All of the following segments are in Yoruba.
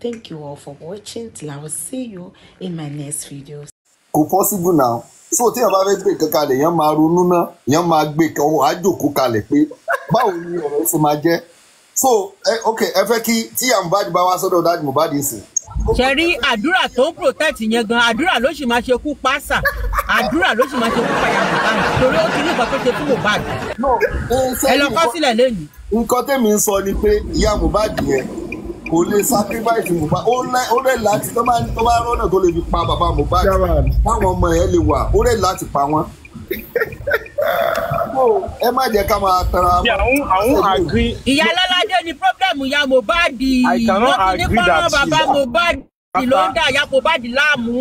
Thank you all for watching till I will see you in my next videos. Kò possible now. So tí èèyàn bá fẹ́ gbé nǹkan kalẹ̀, èèyàn máa ronú náà, èèyàn máa gbé kan wọ́n á jòkó kalẹ̀ pé báwo ni ọ̀rọ̀ ṣe máa jẹ́. So eh, ok ẹ fẹ́ kí tí ìyá Mohbad bá wá sọ́dọ̀ dájú Mohbad ń sìn. Ṣé rí àdúrà tó ń protect yẹn gan, àdúrà ló sì máa ṣe kú pásà àdúrà ló sì máa ṣe fún fàyà Mohbad torí ó ti ní nǹkan tó ṣe fún Mohbad ẹ lọ kọ sílẹ̀ lẹ́yìn. nǹkan tẹ́mi ń sọ ni pé ìyá Mohbad yẹn kò lè sacrifice Mohbad ó lẹ ó lẹ láti tó bá tó bá rọ́nà tó lè fi pa bàbá Mohbad táwọn ọmọ yẹn lè wà ó lẹ láti pa wọ́n. ẹ má jẹ́ ká máa tara. àwọn ìyá lọ́ládé ni pọ́blẹ́mù ya Mohbad wọ́n ti ní pọ́nrán bàbá Mohbad ló ń dà ya Mohbad láàmú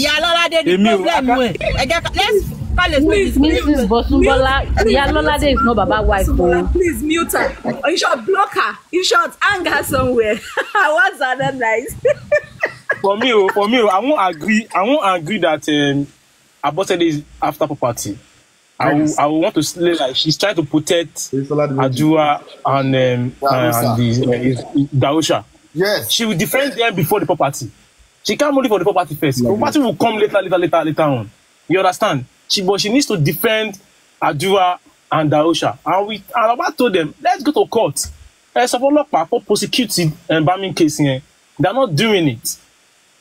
ìyá lọ́ládé ni pọ́blẹ́mù ẹ̀ ẹ jẹ́ ká lẹ́sìn. Please, Mrs. Bosunbola, Iyalolade is not Baba wife. Bosunbola, oh. please mute her. you should block her. You should hang her somewhere. What's that nice? for me, oh, for me, oh, I won't agree. I won't agree that um, Abosede is after property. I will, I will want to say like she's trying to protect Adua and um, uh, and the uh, Daosha. Yes, she will defend them before the property. She can't only for the property first. Yeah, property yeah. will come later, later, later, later on. You understand? She but she needs to defend Adura and Darusha. And we and Baba told them, let's go to court. Ẹ sọ fún ọlọ́pàá kó prosecute embalming eh, case yẹn. They are not doing it.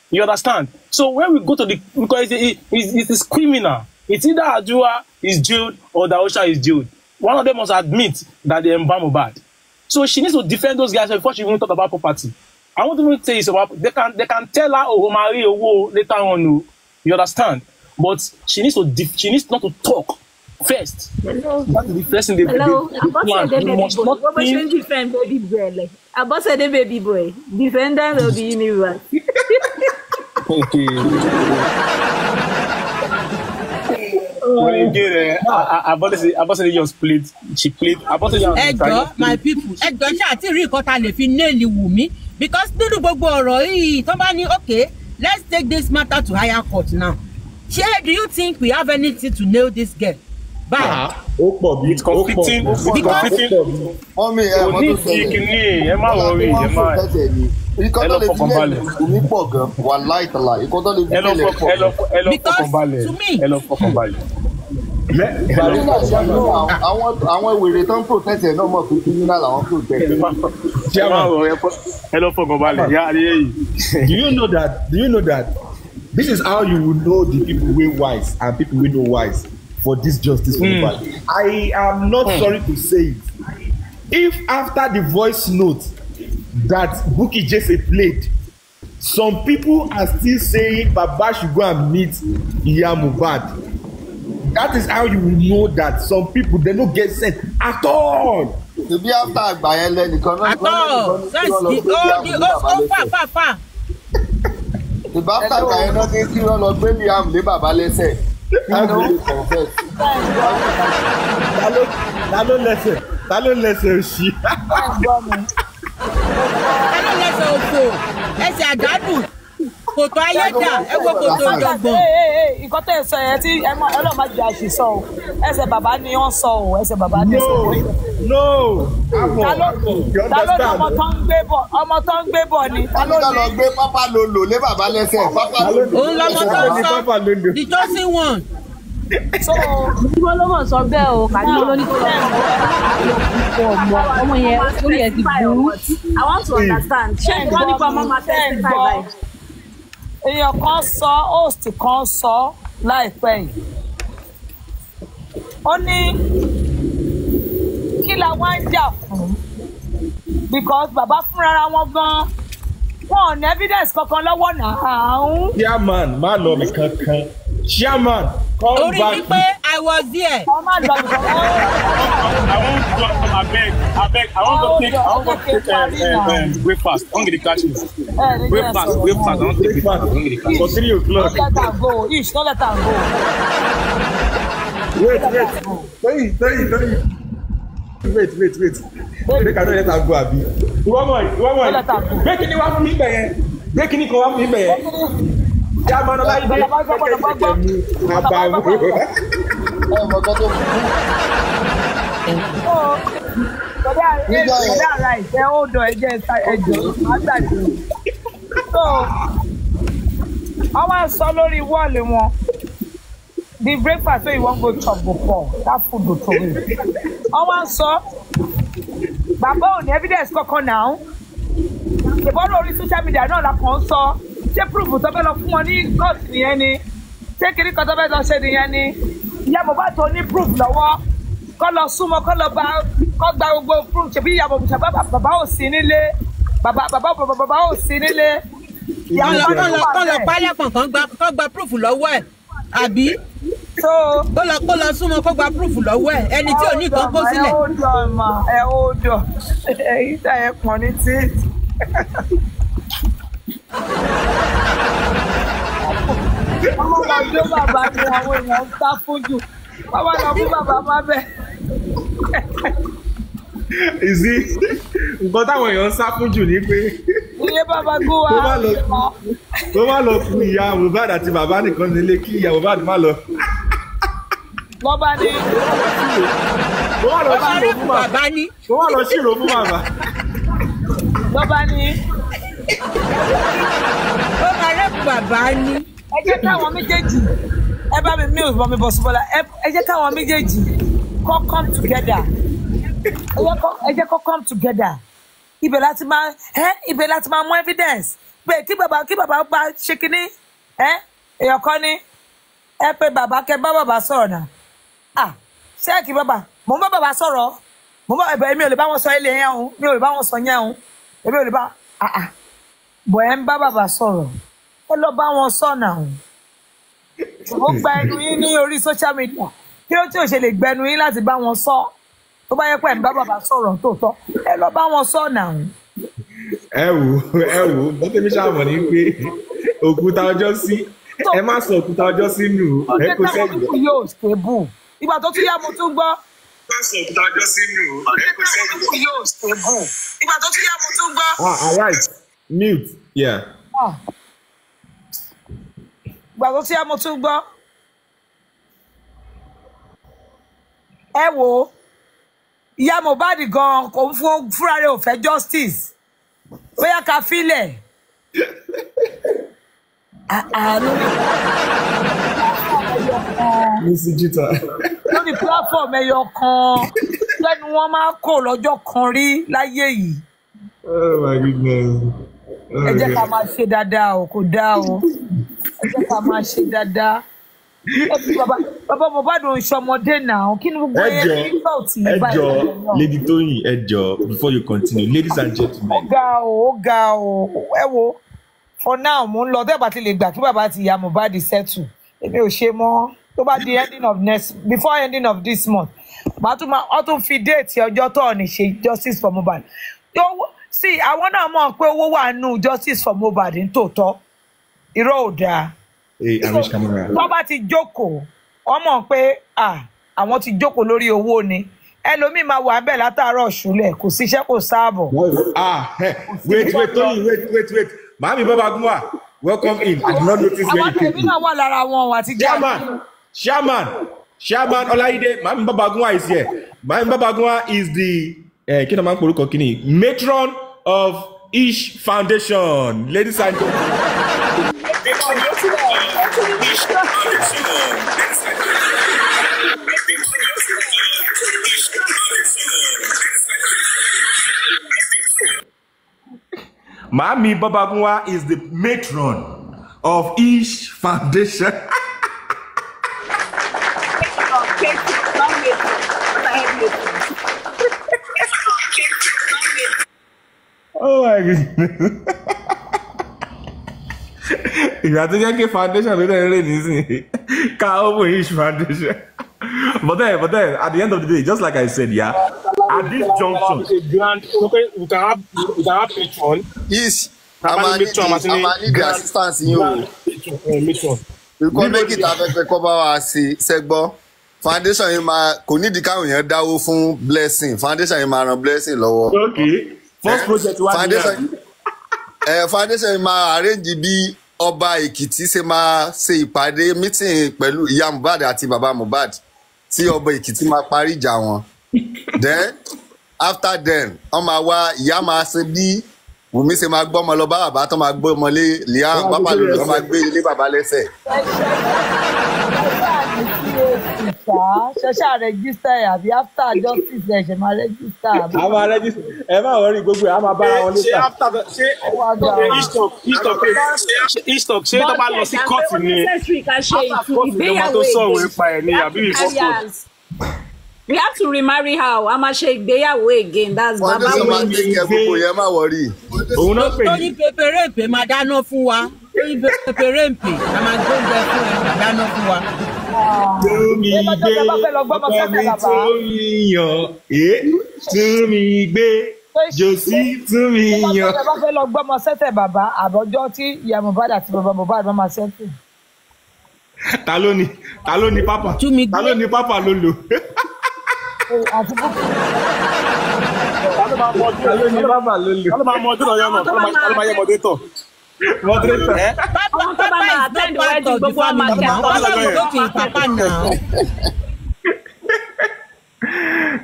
You understand? So when we go to the because it is it is criminal. It's either Adura is jailed or Darusha is jailed. One of them must admit that they embalm bad. So she needs to defend those guys before she even talk about property. I want even tell you about they can they can tell her oh Omari Owo later on. Oh. You understand? but she needs to def- she needs not to talk first. Hello. the first thing they Hello. they, they plan. They must not think. defend baby boy like Abosede baby boy, defender of the universe. When you get there, Abosede Abosede just played she played Abosede. Ẹjọ́ my people ẹjọ́ ṣáà tí rí nǹkan ta lè fi nail wù mí because nínú gbogbo ọ̀rọ̀ yìí tó bá ní okay let's take this matter to higher court now ṣé do you think we have anything to nail this girl báyìí. Ah. ó pọ̀ bí ó pọ̀ bí ó pọ̀ bí ọmọ ẹ mọ tó sọ yẹn ẹ má wọrí ẹ má ẹ lọ fọkàn balẹ̀ omi pọ̀ gan wà láìtàlà ìkọ́ tó lè fi lélẹ̀ pọ̀ ẹ lọ fọkàn balẹ̀ ẹ lọ fọkàn balẹ̀. àwọn wèrè tó ń protest ẹ náà mọ̀ pé criminal àwọn protest. ẹ lọ fọkàn balẹ̀ yá ayé yìí. do you know that do you know that this is how you will know the people wey wise and people wey no wise for this justice for mm. Mohbad i am not mm. sorry to say it if after the voice note that Buki Jesse played some people are still saying baba should go and meet iya Mohbad that is how you will know that some people they no get sense at all. to be after agbayele nìkan náà. at all that's the old the old far far far ìbáfàkà iná tí kí wọ́n lọ gbé liam lé bàbá lẹ́sẹ̀ ta ló lẹ́sẹ̀ ta ló lẹ́sẹ̀ òsì. ta ló lẹ́sẹ̀ òfò ẹsẹ̀ àdánù kòtò ayédà ẹ wo kòtò ìdọ̀gbọ̀n. nǹkan tẹ́ ẹ sọ yẹn tí ẹ máa ọlọ́run máa jẹ àṣìṣọ o ẹsẹ̀ bàbá ni wọ́n sọ o ẹsẹ̀ bàbá ni sọ o. no no ta ló ní ọmọ tó ń gbé bọ̀ ọmọ tó ń gbé bọ̀ ni. ta ló lọ gbé pápá lolo lé bàbá lẹ́sẹ̀ pápá lolo. òun lọmọ tó ń sọ the chosen one so ìdúró ló mọ̀ sọ bẹ́ẹ̀ o kàdí ló ní kó ọmọ ọmọ yẹn orí ẹ̀ ti burú. I want to hmm. understand. ṣé ìwọ nípa ọmọ máa fẹ́ẹ́ sí èèyàn kan sọ host kan sọ láìpẹ́ yìí ó ní kí la wá ń jà fún because bàbá fúnra wọn gan wọn ò ní evidence kankan lọ́wọ́ náà. chairman má lọ mi kankan chairman come back. torí wípé I was here. I want to abeg abeg I want to take I want to take breakfast. I want to catch you. Breakfast breakfast I want to take breakfast. I want to catch you. For three o'clock. Don't let her go. Ish, don't let her go. Wait wait wait wait wait wait wait wait make I no let her go abi. One more one more. Make any one for me bẹ̀yẹn. Make any kan one for me bẹ̀yẹn. Jamanu Láìdé kẹ̀kẹ́ kẹ̀kẹ́ mi ọmọ kan tó mú kódà ara ìfẹ́ ó dọ̀ ẹ̀jẹ̀ ẹ̀jọ̀ àgbàdo so wọ́n wá sọ lórí wọ́ọ̀lù wọn the breakfast wey you wan go chop before that food go to me wọ́n wá sọ bàbá ò ní evidence kankan náà ìbọn lórí social media náà la kàn ń sọ ṣé proof tó fẹ́ lọ fún wọn ní court nìyẹn ni ṣé kiri kan tó fẹ́ lọ ṣe nìyẹn ni ìyá Mohbad tó ní proof lọ́wọ́ kọ́ lọ súnmọ́ kọ́ lọ bá kọ́ gba gbogbo proof ṣebí ìyá Mohbad ṣàbá bàbá ò sí nílé bàbá bàbá bàbá ò sí nílé. kọ́ lọ pálẹ̀ kankan kọ́ gba proof lọ́wọ́ ẹ̀ àbí kó lọ kó lọ súnmọ́ kó gba proof lọ́wọ́ ẹ̀ ẹni tí ò ní kan kó sílẹ̀. ẹ ó dọ̀ ẹ ó dọ̀ èyí tà ẹ pọ̀ ní tí. ọmọ bàbá bàbá ni àwọn èèyàn ń sá fún jù bàbá náà fún bàbá má bẹ. ìsí nǹkan táwọn èèyàn ń sá fún jù ni pé. iye bàbá kó wa tó má lọ fún ìyá Mohbad àti bàbá nìkan nílé kí ìyá Mohbad má lọ. bọ́bá ni. tó wà lọ ṣírò fún bàbá ní. tó wà lọ ṣírò fún bàbá. bọ́bá ni. ó máa rẹ́pù bàbá ní ẹ jẹ́ káwọn méjèèjì ẹ bá mi mills bọ́ mi bọ́ Ṣúbọ́lá ẹ jẹ́ káwọn méjèèjì kọ́ come together ẹ jẹ́ kọ́ come together ibẹ̀ láti máa ẹ ibẹ̀ láti máa mú evidence pé kí bàbá kí bàbá bá ṣe kínní ẹ èèyàn kan ní ẹ pé bàbá kẹ bá bàbá sọ̀rọ̀ náà ah ṣẹ́ẹ̀kì bàbá mò ń bá bàbá sọ̀rọ̀ mo bá ẹbẹ mi ò lè bá wọn sọ ilé yẹn o mi ò lè bá wọn sọ yẹn o èmi ò lè bá àà bọ̀ ẹ̀ ń bá bàbá sọ̀rọ̀ ẹ lọ bá wọn sọnà o ó gba ẹnu yín ní orí social media kí ló tí ò ṣe lè gbẹnu yín láti bá wọn sọ tó bá yẹ pé ẹ ń bá bàbá sọ̀rọ̀ tòótọ́ ẹ lọ bá wọn sọnà o. ẹ wò ẹ wò bọ́tẹ́mí ṣàmọ̀ ní pé òkúta ọjọ́ sí ẹ má sọ òkúta ọjọ́ sínú ẹ kò sẹ́yìn. ọjọ́ táwọn yóò ṣe bù ìgbà tó tún yá mo tún gbọ́ pásọ̀ tó ọjọ́ sínú ẹ kò sẹ́yìn. ọjọ́ yóò ah, all right mute. Yeah. Oh gbà tó tí a mo tún gbọ́ ẹ wò ó ìyá Mohbad gan kò ń fún fúnra rẹ̀ ò justice bóyá ká filẹ̀ lórí platform ẹyọ kan lẹ́nu wọn máa kó lọ́jọ́ kan rí láyé yìí. Oh oh ẹ jẹ́ ká máa ṣe dáadáa o kò dáa o ẹ jẹ́ ká máa ṣe dáadáa bàbá Mohbad ò ń náà kí ni gbogbo ẹ ní bá ẹjọ lady Toyin ẹjọ before you continue ladies and gentlemen. ó ga o ó ga o ẹ wo for now mo ń lọ tẹ́ bá ti lè gbà kí bàbá ti ya Mohbad settle èmi ò ṣe mọ́ tó bá di ending of next before ending of this month màá tún máa ọ tún fi déètì ọjọ́ tó ọ̀ ní ṣe justice for Mohbad sí àwọn náà mọ̀ pé owó wà nù justice for Mohbad ń tòótọ́ irọ́ ò dáa. tó ti jókòó ọmọ pé àwọn ti jókòó lórí owó ni ẹlòmíì máa wà bẹ́ẹ̀ látàárọ̀ ṣúlẹ̀ kò síṣẹ́ kò sáàbọ̀. wait wait Tony ah, wait wait wait màámi bàbá gúnwà welcome in i did not notice where you came from. àwọn tẹ̀mí náà wà lára wọn àti jẹ́ àdúgbò. chairman chairman ọláyídé màámi bàbá gúnwà is here màámi bàbá gúnwà is the eh, kí ni a máa ń porúkọ kí ni matron of Ish Foundation ladies and gentlemen. Mami Babagwa is the matron of each foundation. oh my goodness. ìgbà foundation ló dẹ̀ ń rè nísìnyí open each foundation but then but then at the end of the day just like I said yeah at this junction. a grand okay we can have we can have patron. yes ama need ama need the assistance yín o eh, we can make it afẹ́fẹ́ the bá wa ṣe ṣẹ́gbọ́ foundation yìí máa kò nídìí káwọn èèyàn dáwó fún blessing foundation yìí máa ran blessing Lord. Okay. first project one ẹ foundation máa arrange bí ọba èkìtì ṣe máa ṣe ìpàdé meeting pẹ̀lú ìyá mohbad àti bàbá mohbad tí ọba èkìtì máa parí ìjà wọn then after then wọ́n máa wá ìyá máa ṣe bí wùmí ṣe máa gbọ́mọ lọ bá bàbá tó máa gbọ́mọ lé liam pápá lòlù tó máa gbé ilé bàbá lẹ́sẹ̀ sá ṣẹ̀ṣẹ̀ rẹ́gísítà àbí after justice ẹ ṣe máa rẹ́gísítà. a máa rẹ́gísítà ẹ má wọrí gbogbo ẹ a máa bára wọn lóṣà. ṣé after ṣé estock estock estock ṣé tó bá lọ sí kóòtù ni after kóòtù ni wọn tó sọ̀rọ̀ ipa ẹ̀ we have to remarry her a máa ṣe ìgbéyàwó again that's baba wey wọ́n ti sọ ma gbé kẹ́kọ̀ọ́ yẹn má wọrí. òun náà pè é. tóní pépéré ìpè máa dáná fún wa tóní pépéré ìpè máa gbóúnjẹ fún ẹ dáná fún wa. Tómi gbé ọkọ mi tómi yàn é túmi gbé Jòsí túmi yàn. Ẹ bá fẹ́ lọ gbọ́ ọmọ sẹ́tẹ̀ bàbá àbọ̀jọ́ tí ìyá Mohbad àti bàbá Mohbad máa máa sẹ́tẹ̀. Ta ló ni ta ló ni pápá ta ló ni pápá ló lò. Ta ló máa mọ ọdún ọ̀yọ́ náà ta ló máa yẹ mọ̀dé tọ̀. Mọ̀dé tọ̀ bá máa attend wedding gbogbo ọmọ àti àwọn ọmọ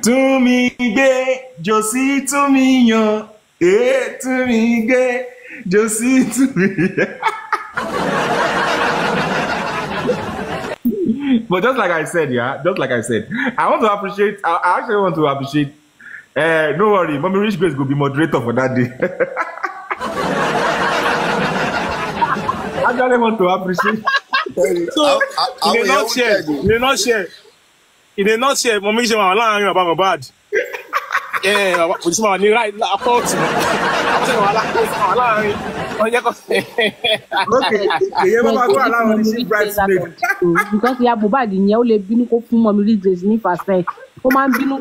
tún mi gbé jòsí tún mi yan èé tún mi gbé jòsí tún mi yan. but just like I said, yeah, just like I said, I want to appreciate. I, I actually want to appreciate. Uh, no worry, Mommy Rich Grace will be moderator for that day. Aja levantou, appreciate. so, in a nutshell, in a nutshell, in a nutshell, mo méjì máa láàárín bàbá Mohbad. Kò sí máa ní right apá ọ̀tún. Àti ìwà láàárín. Because ya Mohbad yẹn ó lè bínú kó fún mọ́mi rí Grace ní fàṣẹ. Ó máa ń bínú.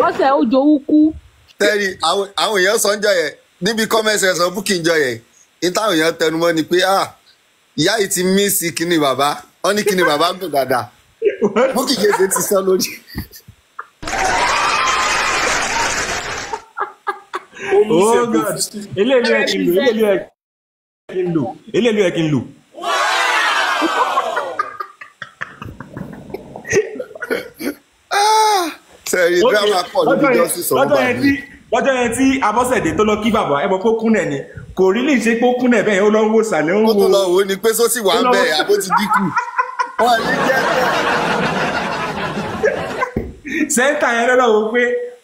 Lọ́sẹ̀ ó jowú kú. Tẹ́lí, àwọn èèyàn sọ ń jọ yẹn níbi kọ́mẹ́sì ẹ̀sán búkì ń jọ yẹn ní táwọn èèyàn tẹnumọ́ ni pé ah, ìyá yìí ti mí sí kíni bàbá wọ́n ní kíni bàbá gùn dáadáa búkì gèdè ti sọ lórí. oh god oh, eléyìí ẹ kí n lò eléyìí ẹ kí n lò eléyìí ẹ kí n lò. sẹ́yìn ah, drama pọ̀ lóbi jọ́sí sọ̀rọ̀ bàbá mi lọ́jọ́ yẹn tí abọ́sẹ̀dé tó lọ kí bàbá ẹ mọ̀ pé ó kúnlẹ̀ ni kò rí lè ṣe pé ó kúnlẹ̀ bẹ́ẹ̀ ó lọ ń wò sàlẹ̀ ó ń wò. ó tó lọ wò ó ni pé só sì wà ń bẹ̀ àbó ti dínkù. wọn ní jẹ́ bẹ́ẹ̀. sẹ́ńtà yẹn lọ́wọ́ wo pé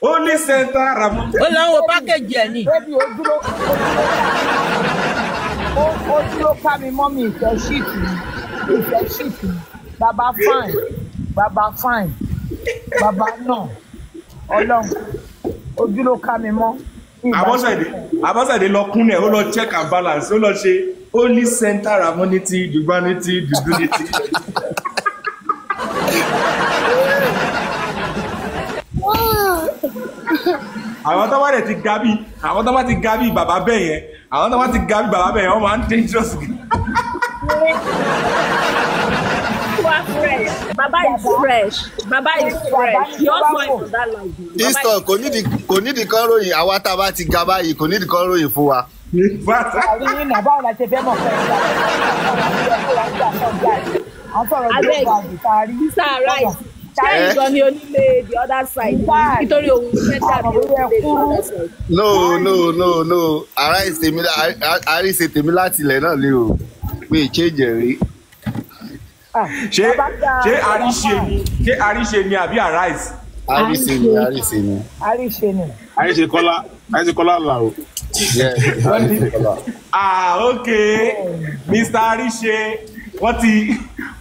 ó ní sẹ́ńtà ramu. ó lọ ń wo pákéjì ẹ̀ ni. ó dúró ká mi mọ́ mi ìfẹ́ ṣíìtì ìfẹ́ ṣíìtì bàbá fine bàbá fine bàbá náà ọlọ́run ojú ló ká mi mọ́. Abọ́sẹ̀dé Abọ́sẹ̀dé lọ kúnlẹ̀ ó lọ check and balance ó lọ ṣe only center amenity, dubanity dudunity. àwọn tó bá dẹ̀ ti Gabi. bí àwọn tó bá ti Gabi bí bàbá bẹ́ẹ̀ yẹn àwọn tó bá ti ga bí bàbá bẹ́ẹ̀ yẹn wọ́n máa ń dangerous. Baba is fresh. Baba is fresh. He also went that life. Easton kò nídìí kò nídìí kan ròyìn àwa tá a bá ti ga báyìí kò nídìí kan ròyìn fún wa. Àrí iná la ṣe fẹ́ mọ̀ fẹ́ ṣá? Àwọn right. Ṣé ìgbọ́n ni onílé the other side? Nítorí òun fẹ́ dàbí onílé the other side. No no no no, àrísè tèmi láti ilẹ̀ náà ni o, mi change ṣe jẹ̀rí. Ah, ṣé ṣé àríṣe ni ṣé àríṣe ni àbí àráìsì. àríṣe ni àríṣe ni. àríṣe ni. àríṣe kọ́lá àríṣe kọ́lá là o. ah ok mr àríṣe wọ́n ti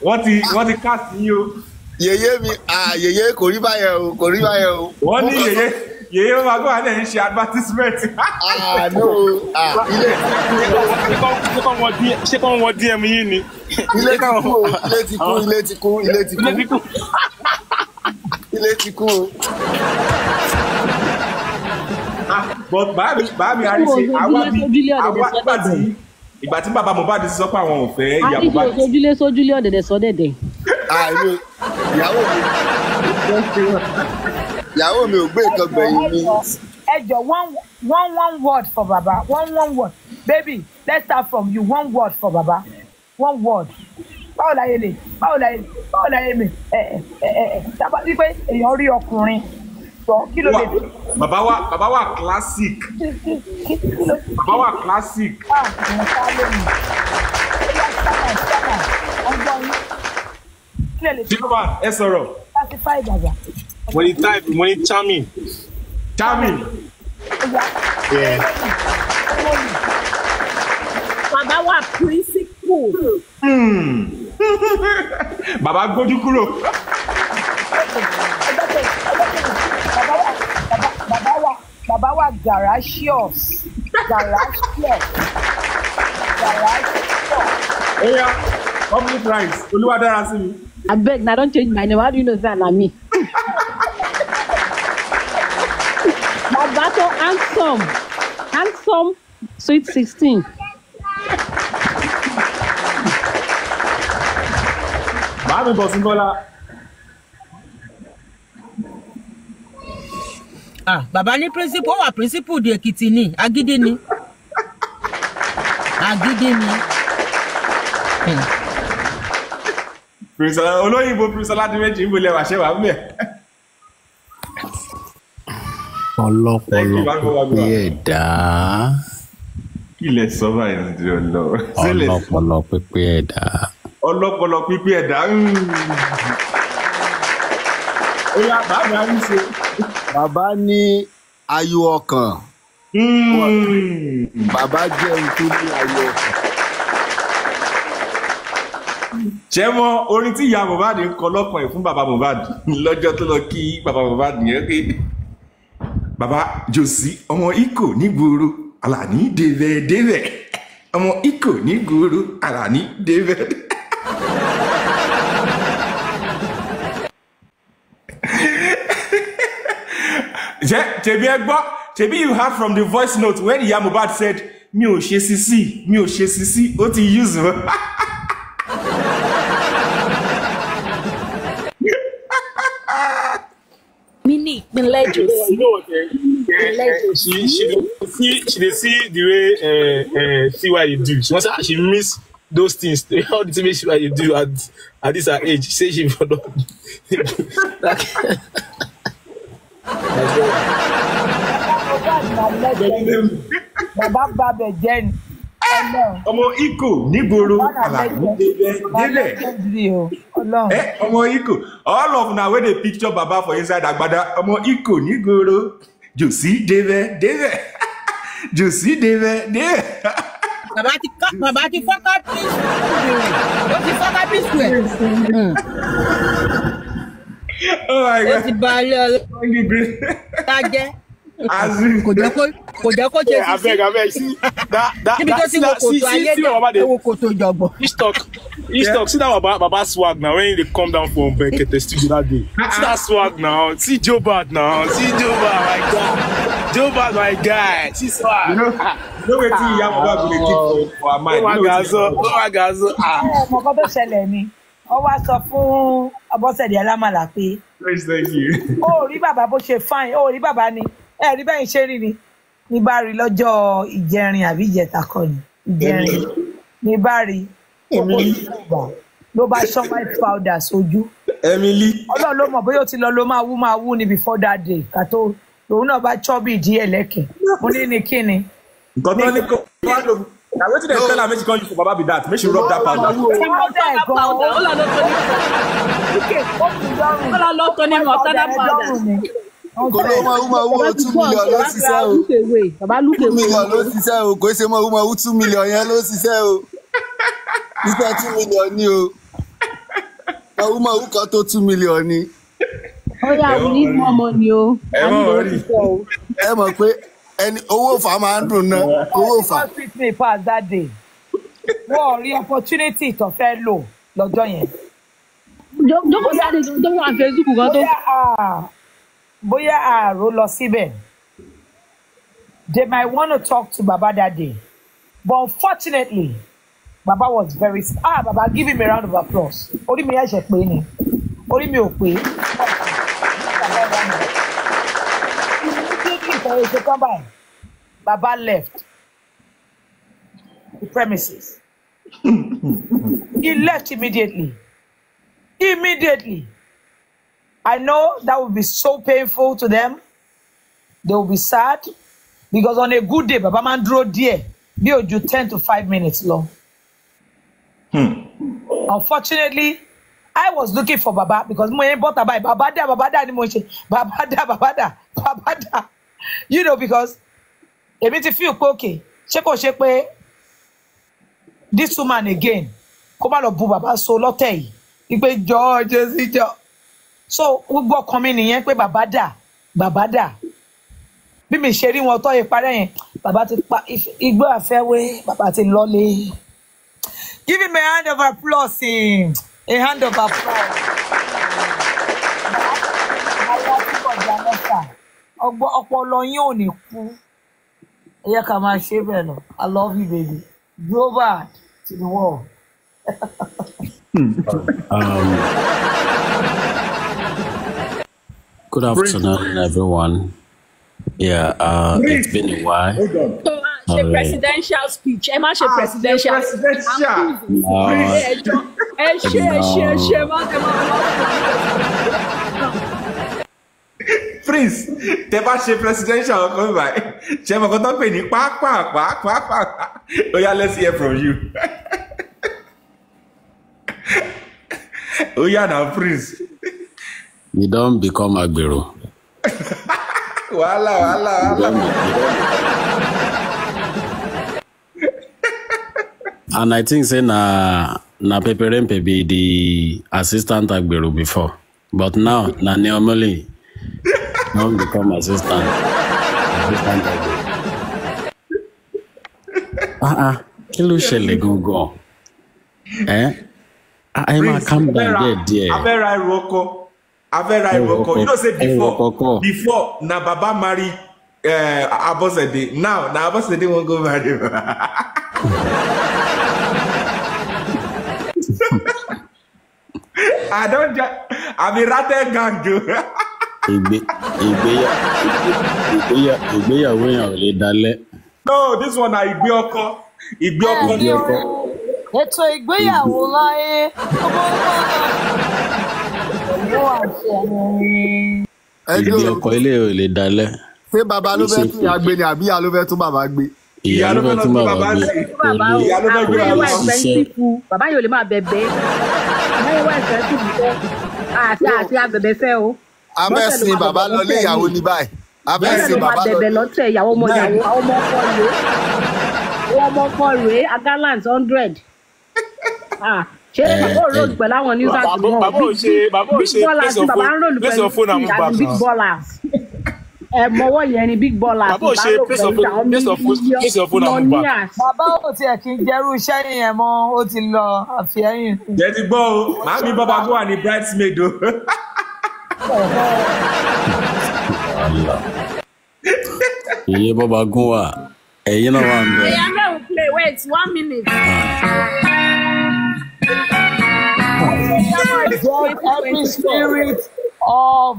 wọ́n ti wọ́n ti cast yín o. yèyé mi ah yèyé kò rí báyẹn o kò rí báyẹn o. wọ́n ní yèyé yèyé wọn àgọ́ àlẹ́ ń ṣe advertisement. àánú ah, ah, ilé ṣé kọ́ wọn dm yín ni. ilé ti kú ilé ti kú ilé ti kú ilé ti kú ilé ti kú ilé ti kú o. but bàbí bàbí àríṣe àwa bí àwa gbàdí ìgbà tí bàbá Mohbad sọ pé àwọn ò fẹ́ ìyá Mohbad. àríṣe sojúlé sojúlé ọ̀dẹ̀dẹ̀ sọ́dẹ̀dẹ̀. àìlè ah, ìyàwó mi ìyàwó mi ò gbé nǹkan gbẹ̀yìn mi. ẹ jọ one one one word for baba one one word baby let's start from you one word for baba one word báwo la yẹ lè báwo la yẹ báwo la yẹ mi ẹ ẹ ẹ dábàá sí pé èèyàn rí ọkùnrin sọ kí ló lè dé. bàbá wa bàbá wa classic bàbá wa classic. Ah, kí lè lè. jimoh ẹ sọ̀rọ̀. classify bàbá mo you type mo ní charming. charming. Yeah. bàbá wà principal. Hmm. bàbá gbójú kúrò. bàbá wà bàbá wà garasius garasius garasius. oya public rights olúwa dára sí I beg. Now don't change my name how do you know that I'm me. handsome handsome sweet sixteen. màámi bọ̀ sí bọ́lá. ah bàbá ní principal ó wà principal di èkìtì ni agídí ni agídí ni. olóyìnbó prince ọládìmẹ́jì ń bolẹ̀ wàṣẹ́ wàá mẹ́ ọlọ́pọlọ pé ẹ̀dá. ilẹ̀ sọ́ba yẹn ti ọlọ. ọlọ́pọlọ pípé ẹ̀dá. ọlọ́pọlọ pípé ẹ̀dá. Hmm. oya bàbá ń ṣe. bàbá ní ayọ̀ ọkàn. Hmm. bàbá jẹ́ ohun tó ní ayọ̀ ọkàn. jẹ́mọ́ orin tí ìyá Mohbad ń kọ lọ́kàn ẹ̀ fún bàbá Mohbad lọ́jọ́ tó lọ kí bàbá Mohbad yẹn kéde baba josi ọmọ iko nígboro alani dèbẹdèbẹ ọmọ iko nígboro alani dèbẹ. jẹ tèmi ẹ gbọ́ tèmi you heard from the voice note when ìyá Mohbad said mi ò ṣe sisi mi ò ṣe sisi ó ti use ní ìpínlẹ̀ èdè eh, eh, eh, she dey see she see the way uh, uh, you e do she wants to. Ah, she miss those things all the things wey she dey do at at this her age say she for don. bàbá gbàbẹ jẹ ọmọ ikọ̀ nígboro àlàkùn débẹ̀ eh omo iko all of na wey dey picture baba for inside agbada omo iko nigoro josi deve deve josi deve deve. bàbá ti kọ́ bàbá ti fọ́kọ́ bí ó ti fọ́kọ́ bí sùn. ó ti balẹ̀ ọlọ́run tájẹ́ kò jẹ́ kó kò jẹ́ kó ṣe sísí níbi tó ti wo kòtò ayé jẹ́ wo kòtò ìjọ̀gbọ̀n. Each yeah. talk, see that Baba, Baba swag now when they come down from Benkete studio that day. uh See that ah. swag now. See Joe Bad now. See Joe Bad, my guy. Joe Bad, my guy. See swag. You know, ah. you know wetin ìyá bàbá mi dey keep for, for her mind. Ó wá gàzọ́, ó wá gàzọ́. Ọmọ kan tó ṣẹlẹ̀ ni, ó wá sọ fún Ọbọ́sẹ̀dé Alámàlà pé. Please thank you. Ó rí bàbá bó fine, ó rí bàbá ni, ẹ rí bẹ́yìn ṣe rí ni. Ní bá rí lọ́jọ́ ìjẹrin àbí ìjẹta kọ́ ni, ìjẹrin. Emily ló bá ṣán white powder sójú. Emily. Ọlọ́run ló mọ̀ bóyá ó ti lọ ló máa wú máa wú ni before that day kàtó lòun náà bá chọ́bì díẹ̀ lẹ́kẹ̀ mo ní ní kí ni. Nǹkan tó ní kó wá lò na wetin dem tell am make she come use for baba be that make she rub that powder. ṣé mo dá ẹ̀ gan o ó lọ lọ tó ní ó lọ lọ tó ní mọ̀ tọ́lá powder. kò ló máa wú máa wú o two million ló ṣiṣẹ́ o two million ló ṣiṣẹ́ o kò ṣe máa wú máa wú two million yẹn ló ṣiṣẹ́ o mr two million ni o na woman who kan tó two million ni. ó yà need more. mọ́mọ́ ni o a ní lórí sọ o. ẹ mọ̀ pé ẹni owó ìfà máa ń dùn náà owó ìfà. wọ́n treat me pass that day wọ́n rí opportunity tó fẹ́ lò lọ́jọ́ yẹn. jókòó jáde tó wà facebook kan tó. bóyá ààrò lọ síbẹ̀ they might want to talk to baba that day but unfortunately. Baba was very ah Baba give him a round of applause. Orí mi ẹ̀ṣẹ̀ pé ni. Orí mi ò pé. Baba left the premises. He left immediately. Immediately. I know that will be so painful to them. They will be sad because on a good day, Baba man draw dúró Be oju ten to five minutes long. Hmm. unfortunately i was looking for baba because mo yẹn bọ́tà báyìí baba da baba da ni mo ṣe baba da baba da baba da. you know because èmi ti feel pé okay ṣé kò ṣe pé this woman again kó má lọ bu baba so lọ́tẹ̀ yìí ipe jọ jésì jọ so gbogbo ọkàn mi nìyẹn pé baba da baba da, bí mi ṣe rí wọn tọ́ ìparẹ́ yẹn baba ti pa igbó àfẹ́wé baba ti lọ́lé. Give him a hand of applause. Him. Eh? A hand of applause. Ọgbọ́n ọpọlọ yín ò ní kú. Ẹ yẹ ká máa ṣe bẹ́ẹ̀ lọ. I love you baby. Go back to the world. um, good afternoon everyone. Yeah, uh, it's been a while. Hold on. Ah, ṣe presidential speech ẹ má ṣe presidential ẹ ṣe ẹ ṣe ẹ ṣe má tẹ má má. prince tẹ bá ṣe presidential ọkọ mi báyìí ṣe mọ̀ kó tó ń pè ní pápápá pápápá oya let's hear from you. oya na prince. you don become agbero. wàhálà wàhálà wàhálà. and i think say na na peperempe be the assistant agbero before but now na neomoli don become assistant assistant agbero. ah ah kí ló ṣẹlẹ̀ gangan ẹ eh? ah, ẹ máa calm down there there. abẹ́ra ẹrù ọkọ abẹ́ra ẹrù ọkọ you know say before before na baba marry uh, eh, Abosede now na Abosede wan go marry. I don't just, I'm a ratted gang. Ìgbéyàwó yẹn ò lè dalẹ̀. No, this one na ìgbé ọkọ. Ìgbé ọkọ ni ọkọ. Ètò ìgbéyàwó láyé, ọmọ ọmọ ọmọ wà ṣe ẹni. Ìgbé ọkọ ilé ò lè dalẹ̀. Ṣé bàbá ló fẹ́ tún ìyá gbé ni àbí ìyá ló fẹ́ tún bàbá gbé? Ìyá ló fẹ́ tún bàbá gbé. Ìyá ló fẹ́ gbé bàbá. Àwọn ẹ̀wà ìfẹ́ ń sìnkú, bàbá yóò lè máa bẹ̀bẹ̀ mẹ́wàá ẹ̀fẹ́ sì ń fẹ́ àti àti abẹ̀bẹ̀ fẹ́ o. a fẹ́ sin bàbá lọ lé ìyàwó ní báyìí a fẹ́ sin bàbá lọ. bẹ́ẹ̀ ló máa bẹ̀bẹ̀ lọ́tẹ̀ ìyàwó ọmọ ìyàwó ọmọ ọkọ rèé ọmọ ọkọ rèé agalant hundred ṣé bàbá ò ròdù pẹ̀lú àwọn new south wales big ballers ni bàbá ń ròdù pẹ̀lú big ballers ẹ mọwọ yẹn ni big ball àti ìbálòpọ̀ ìtàwọn mílíọ̀nù lọ́níà. bàbá ò tiẹ̀ kí n jẹ́rú iṣẹ́ yẹn mọ́ ó ti lọ àfihàn. jẹ́ ti gbọ́ o màá mi bàbá kó wà ní bridesmaid o. iye bàbá gún wa ẹ̀yin náà wà ń bẹ̀. ẹ̀yà náà ò play wait one minute. Ah. Every spirit of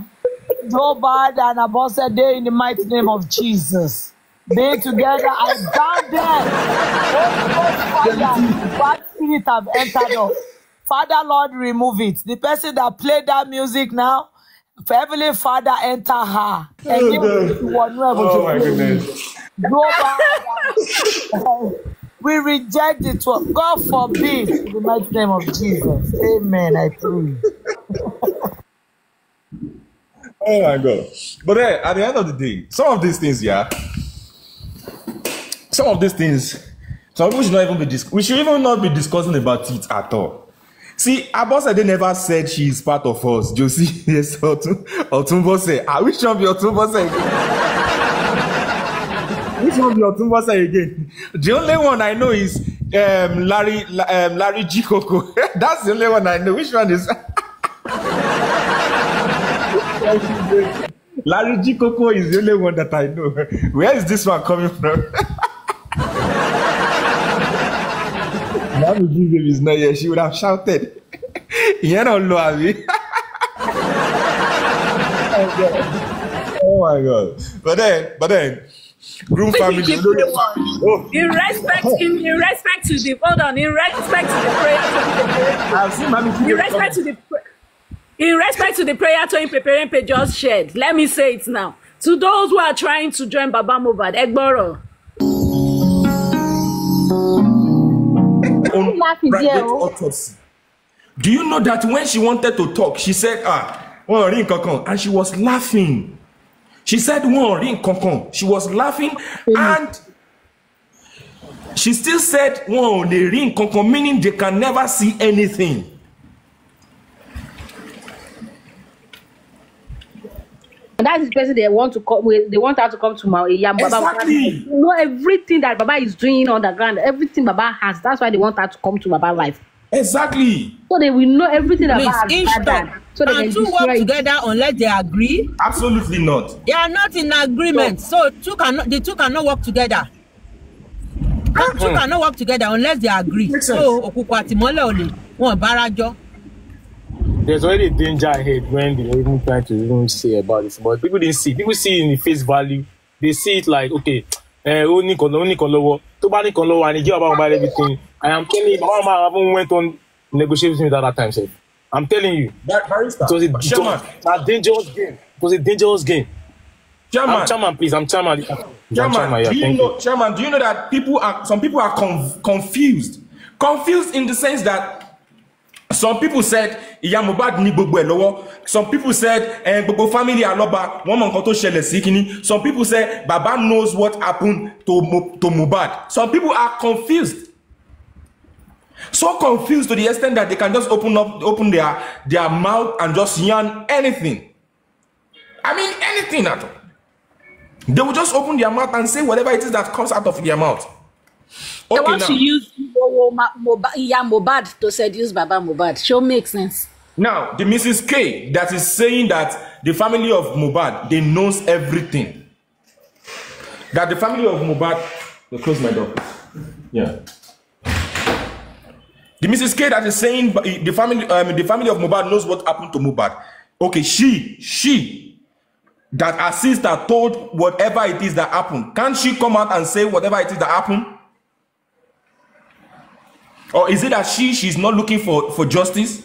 go bad and abused day in the mighty name of Jesus. Be together, I bound them. bad spirit have entered us. Father, Lord, remove it. The person that played that music now, Heavenly Father, enter her. And give her oh, my goodness. we reject it. God forbid. In the mighty name of Jesus. Amen. I pray. oh my god! But then, at the end of the day, some of these things, yeah, some of these things, some people should not even be dis- we should even not be discussing about it at all. See, Abosede never said she is part of us. Josie, yes, Otun, Otunbo say, I wish of your Otunbo say. Which one be Otunbo say again? The only one I know is um, Larry, um, Larry G. That's the only one I know. Which one is? Larry G. Coco is the only one that I know. Where is this one coming from? Larry G. Baby is not here. She would have shouted. You don't know, àbí. Oh my God. But then, but then, groom family. Oh. In respect, in, in respect to the, hold on, in respect to the prayer. I've seen Mami In respect to the prayer in respect to the prayer to Toyin Peperempe just shared, let me say it now. To those who are trying to join Baba Mohbad, ẹ gbọ́rọ̀. private autopsy. Do you know that when she wanted to talk, she said, ah, wọn ò rí nǹkan kan, and she was laughing. She said, wọn ò rí nǹkan kan, she was laughing, mm-hmm. and she still said, wọn ò lè rí nǹkan kan, meaning they can never see anything. that is the person they want to come they want her to come to my yeah, Baba. Exactly. You know everything that Baba is doing on the ground, everything Baba has. That's why they want her to come to Baba life. Exactly. So they will know everything Please, about each done. So they and two work it. together unless they agree. Absolutely not. They are not in agreement. So, so two cannot the two cannot work together. The Two mm-hmm. cannot work together unless they agree. So Okuku àtìmọ́lẹ̀ ò lè wọn there's already danger ahead when they even try to even say about this, but people didn't see. People see in the face value. They see it like, okay, only eh, ó ní kan lọ́wọ́, ó ní and he gave about everything. I am telling you, Baba Mama even went on negotiations with at that time. Sir. Eh. I'm telling you, that barista, it was a, Sherman. a dangerous game. It was a dangerous game. Chairman, I'm chairman, please. I'm chairman. Chairman, I'm yeah, do you know, you. chairman, do you know that people are some people are conf confused, confused in the sense that some people said ìyá Mohbad ní gbogbo ẹ̀ lọ́wọ́ some people said eh, gbogbo family alọ́ba wọ́n mọ nǹkan tó ṣẹlẹ̀ sí kínní some people say, baba knows what happened to, to Mohbad some people are confused so confused to the extent that they can just open up open their their mouth and just yarn anything I mean anything at all they will just open their mouth and say whatever it is that comes out of their mouth okay, I want now. to use Iya Mohbad to seduce Baba Mohbad. Show makes sense. Now, the Mrs. K that is saying that the family of Mohbad, they knows everything. That the family of Mohbad, they close my door. Yeah. The Mrs. K that is saying the family, um, the family of Mohbad knows what happened to Mohbad. Okay, she, she that her sister told whatever it is that happened. Can't she come out and say whatever it is that happened? Or is it that she she's not looking for, for justice?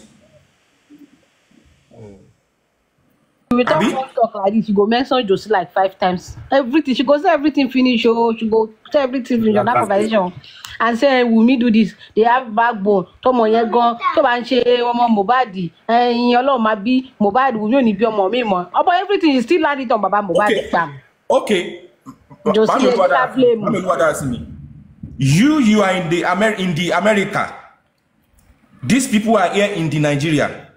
we talk Abi? like this, you go mention Josie like five times. Everything she goes, everything finish. Oh, she go say everything finish. That conversation and say eh, me do this. They have backbone. Tọmọ yẹn gan tó bá ń ṣe ọmọ Mohbad eh, ẹyin Ọlọ́run máa bí Mohbad omo ò ní bí mi mọ. Ọmọ everything is still landing on baba Mohbad Okay. Okay. Josie yẹn ti blame you you are in the Amer in the America these people are here in the Nigeria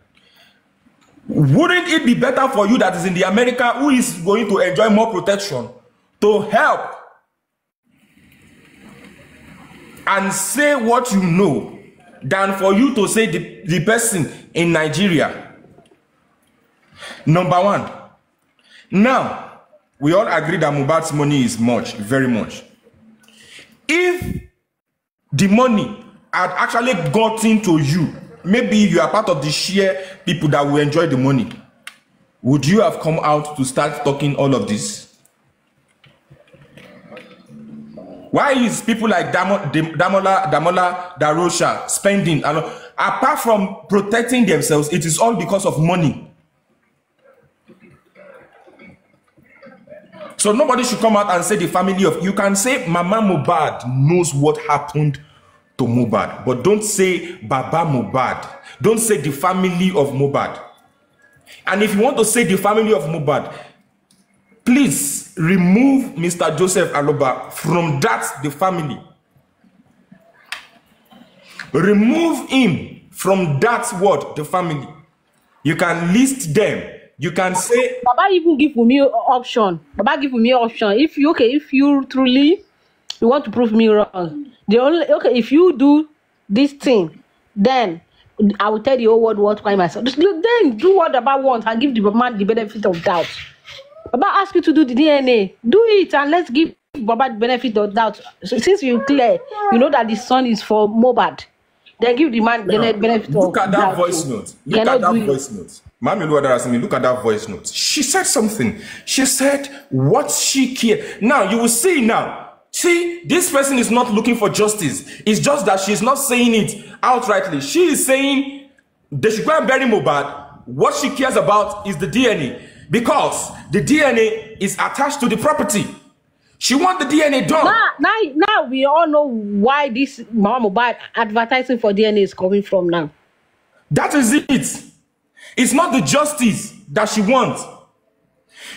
wouldn't it be better for you that is in the America who is going to enjoy more protection to help and say what you know than for you to say the, the person in Nigeria number one now we all agree that Mohbad's money is much very much if the money had actually gotten to you maybe you are part of the share people that will enjoy the money would you have come out to start talking all of this why is people like Damo, Damola, Damola Darosha spending apart from protecting themselves it is all because of money So nobody should come out and say the family of, you can say Mama Mubad knows what happened to Mubad, but don't say Baba Mubad. Don't say the family of Mubad. And if you want to say the family of Mubad, please remove Mr. Joseph Aloba from that, the family. Remove him from that word, the family. You can list them you can say baba even give me option baba give me option if you okay if you truly you want to prove me wrong the only okay if you do this thing then i will tell the whole world what crime myself then do what baba wants and give the man the benefit of doubt baba ask you to do the dna do it and let's give baba the benefit of doubt so since you clear you know that the son is for Mobad then give the man the benefit look of doubt look at that voice note look at that voice note Mami Luadarasimi, look at that voice note. She said something. She said what she cared. Now, you will see now. See, this person is not looking for justice. It's just that she's not saying it outrightly. She is saying they should go and bury Mubad, What she cares about is the DNA because the DNA is attached to the property. She wants the DNA done. Now, now, now we all know why this Mubad advertising for DNA is coming from now. That is it. It's not the justice that she wants.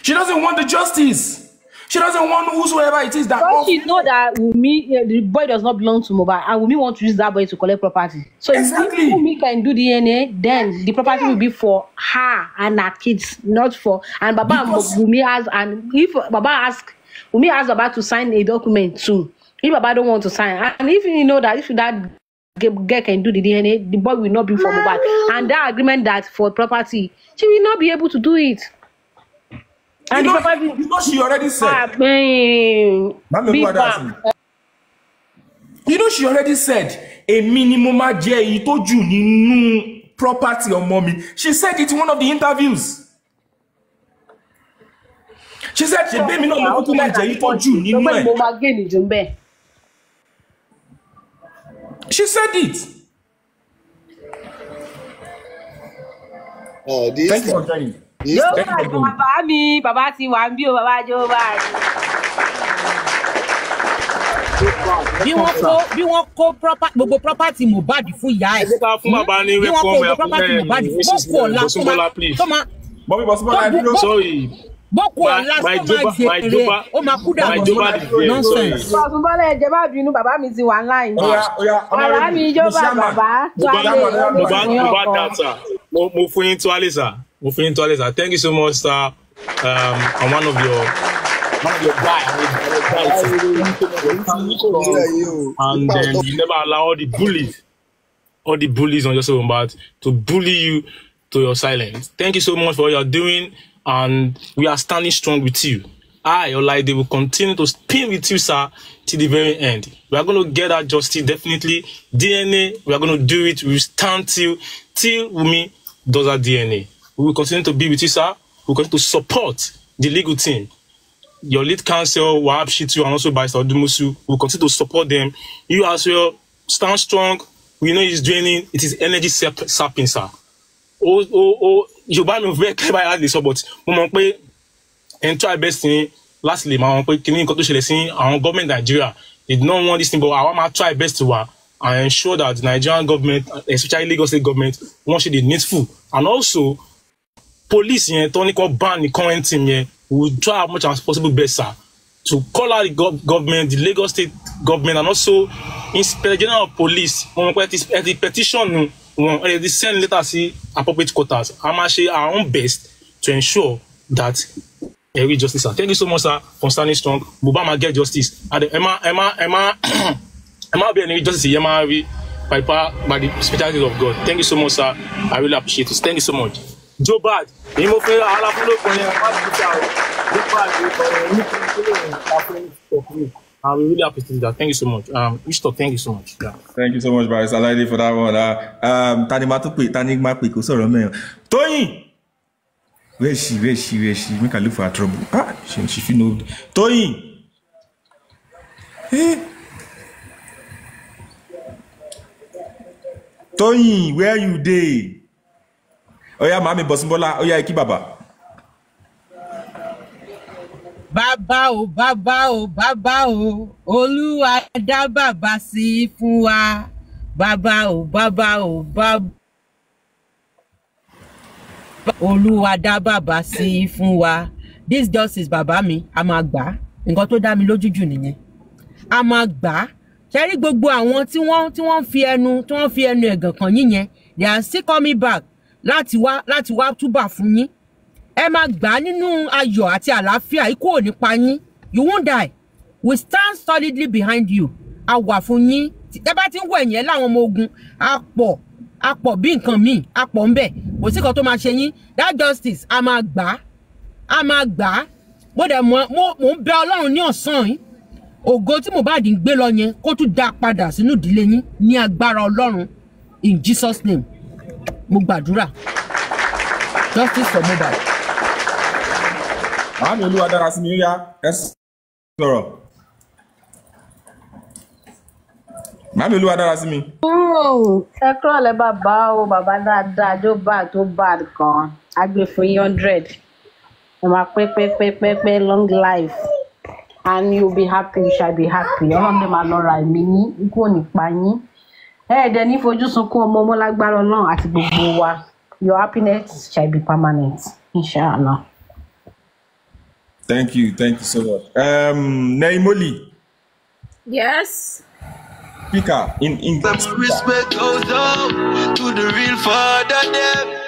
She doesn't want the justice. She doesn't want whosoever it is that. But she know that Wumi, the boy does not belong to Mohbad, and Wumi wants to use that boy to collect property. So exactly. if Wumi can do DNA, then the property yeah. will be for her and her kids, not for. And Baba because... Wumi has, and if Baba ask, Wumi ask Baba to sign a document too. If Baba don't want to sign, and if you know that if that girl can do the DNA, the boy will not be for mobile. And that agreement that for property, she will not be able to do it. And you know, you know she already said. Ah, I mean, you know she already said a minimum jẹ èyí tó you nínú property or mommy. She said it in one of the interviews. She said ṣe bẹ́ẹ̀ mi náà mo kúkú máa jẹ èyí tó jù nínú ẹ̀. She said it. Oh, this Thank you for joining. Yóò wà ní bàbá mi, bàbá ti wà ń bí o, bàbá jó wà ní. Bí wọ́n kó bí wọ́n kó gbogbo property Mohbad fún ìyá ẹ̀. Hmm? Bí wọ́n kó gbogbo property Mohbad fún ìyá ẹ̀. Wọ́n kú ọ̀la tó máa. Bọ́bí Bọ́sibọ́lá dúró sọ́ọ̀yì boko ọ̀la sọ ma jèrè ó ma kú dà mọ́ nọ́sẹ̀nsì. pàṣùbọ́lẹ̀ ìjọba bínú bàbá mi ti wà ńlá yìí. bàbá mi ìjọba bàbá tó a lè lọ́wọ́ ní ọkọ. mo fún yín tó sà mo fún yín tó sà thank you so much sir um, on one of your guys and then you never allow all the bullies all the bullies on your Yoruba to bully you to your silence thank you so much for what you doing and we are standing strong with you. I, Olaide, will continue to spin with you, sir, till the very end. We are going to get that justice, definitely. DNA, we are going to do it. We will stand till, till Wumi does her DNA. We will continue to be with you, sir. We will continue to support the legal team. Your lead counsel, Wahab Shitu, and also Barrister Odumusu, we will continue to support them. You as well, stand strong. We know it's draining. It is energy sapping, sir. Oh, oh, oh, yorùbá mi ò fẹ́ clear báyìí láti lè sọ but mo mọ̀ pé ẹni tó àìbẹ́ sí láti lè máa wọn pé kíní nǹkan tó ṣẹlẹ̀ sí àwọn gọ́ọ̀mẹ̀ntì nàìjíríà they did not want this thing but àwa máa try best wa and ensure that the nigerian government especially lagos state government wọ́n ṣe the needful and also police yẹn tó ní kó ban the current team yẹn will try as much as possible best sir to call out the go government the lagos state government and also inspector general of police mo mọ̀ pé ẹ ti petition nu. No, one ẹ ti send letter sí appropriate quotas. a máa our own best to ensure that ẹ rí justice thank you so much sir concerning strong bùbá máa get justice And Emma, Emma, Emma, Emma ẹ má justice yẹn máa rí by the by the special of God thank you so much sir I really appreciate it thank you so much Joe Bad èyí mo fẹ́ aláfúnlókun yẹn má ti fi ta o Joe Bad èyí mo fẹ́ aláfúnlókun yẹn. Uh, we really appreciate that. Thank you so much. Um, Ishto, thank you so much. Yeah. Thank you so much, Barrister Alaide, for that one. Uh, um, tani ma tani ma pè kò sọ̀rọ̀ mẹ́rin. Where she, where she, where she? Make I look for her trouble. Ah, she, she fit no. Tony, hey, Tony, where you Oh yeah, mommy màámi Bọ̀sùnbọ́lá, oya, ikí bàbá. bàbá o bàbá o bàbá o olúwa dá bàbá sí i fún wa bàbá o bàbá o bàbá olúwa dá bàbá sí fún wa this justice bàbá mi a máa gbà á nǹkan tó dá mi lójú jù nìyẹn a máa gbà á ṣẹ́rí gbogbo àwọn tí wọ́n tí wọ́n fi ẹnu tí wọ́n fi ẹnu ẹ̀gàn kan yín yẹn they are still coming back láti wá láti wá túbà fún yín ẹ máa gbà á nínú ayọ̀ àti àlàáfíà ikú ò ní pa yín you won't die we stand solidly behind you a wà fún yín tẹ́ bá ti ń wọ ẹ̀yìn ẹ láwọn ọmọ ogun a pọ̀ a pọ̀ bí nǹkan míì a pọ̀ ń bẹ̀ kò sí kan tó máa ṣe yín that justice a máa gbà á a máa gbà á mo dẹ̀ mọ mo ń bẹ ọlọ́run ní ọ̀sán yìí ògo tí Mohbad ń gbé lọ yẹn kó tún dá padà sínú ìdílé yín ní agbára ọlọ́run in Jesus name mo gbàdúrà justice for Mohbad. àánú olúwa dára sí mi yá ẹ sọ̀rọ̀. Màmí olúwa dára sí mi. Hmm, ẹ kúrọ̀ lẹ́ bàbá o, bàbá dáadáa, jó bá tó bá kan, agbèfún yín hundred. Ẹ máa pé pé pé pé pé long life and you be happy, you shall be happy. Ọlọ́run máa lọ ra ẹ̀mí yín, ikú ò ní pa yín. Ẹ ẹ̀dẹ̀ ní fojú gbogbo wa. Your happiness shall be permanent, inshallah. Thank you. Thank you so much. Um, Naimoli. Yes. Speaker in English. respect goes to the real father.